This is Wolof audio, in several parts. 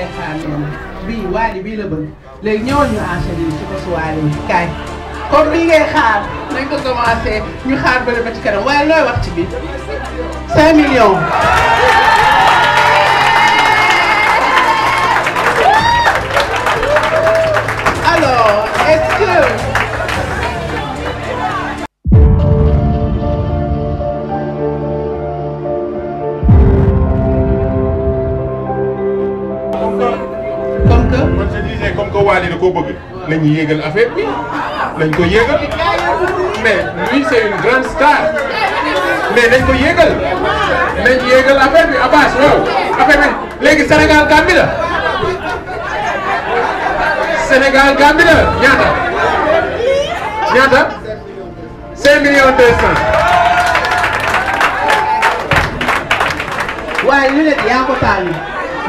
lay xaar noonu bii waali bii la bëgg léegi ñëwal ñu enchaîner yi ci ko su waali kaay comme bii ngay xaar nañ ko commencé ñu xaar bële ba ci kanam waaye looy wax ci bi 5 millions. je disais comme que Wally da koo bëgg nañu yéegal affaire bi nañ ko yéegal mais lui c'est une grande star mais nañ ko yéegal nañ yéegal affaire bi Abass waaw affaire bi léegi Sénégal Gambie la Sénégal Gambie la ñaata ñaata 5 millions 200. waaye ñu ne yaa ko taal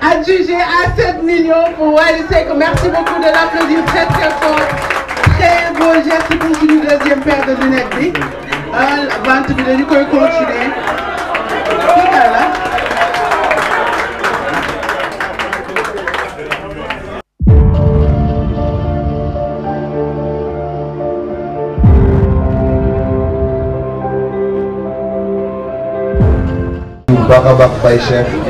adjugé à 7 millions pour Wally Merci beaucoup de l'applaudir très très fort. Très beau geste pour une deuxième paire de lunettes Euh, vente de dañu koy continuer. baax hein?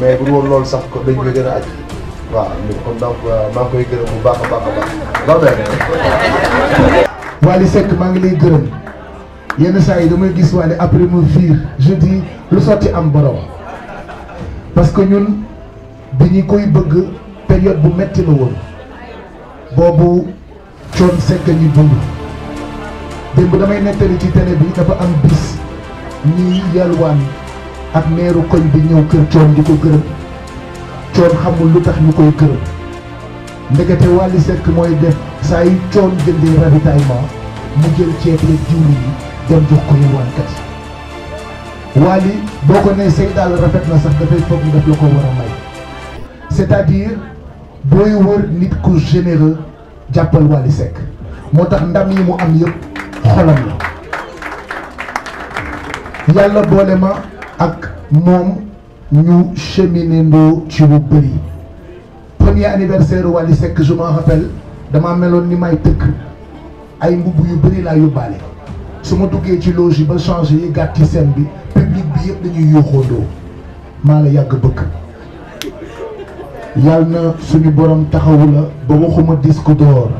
mais bu won lol sax ko dañ koy gëna a wa ñu ko ndaw maa ngi koy gëna bu baax a ba ba baax wali sek ma ngi lay gërëm yenn saa dama gis wali après mon fiir je dis lu sorti am borom parce que ñun bi koy bëgg période bu metti la woon bobu ciom sek ñu dund démb damay netali ci télé bi dafa am bis ni yalwan ak meeru koñ bi ñëw kër coon di ko gërëm coon xamul lu tax ñu koy gërëm ndekete Wally Seck mooy def saa yu coon jëndee ravitaillement mu jël ceeb yi dem jox ko yalwaankat yi Wally boo ko nee say rafet na sax dafay foog daf la ko war a may c'est-à-dire booy wër nit ku généreux jàppal Wally Seck moo tax ndam yi mu am yëpp xolam la yàlla boole ma ak mom ñu cheminendoo ci lu bari premier anniversaire Wally Seck je m'en rappelle dama melone ni may teuk ay mbubu yu bari la yobale suma duggé ci loge ba changé yi gàtt bi public bi yëpp dañuy yuuxoondoo maa la yàgg bëgg yàlla na suñu borom taxawu la ba waxuma disque d'or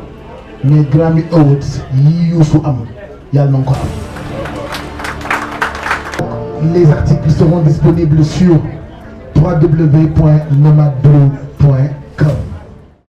mais Grammy Awards yi yusu am yàlla na ko am les articles seront disponibles sur www.nomadblue.com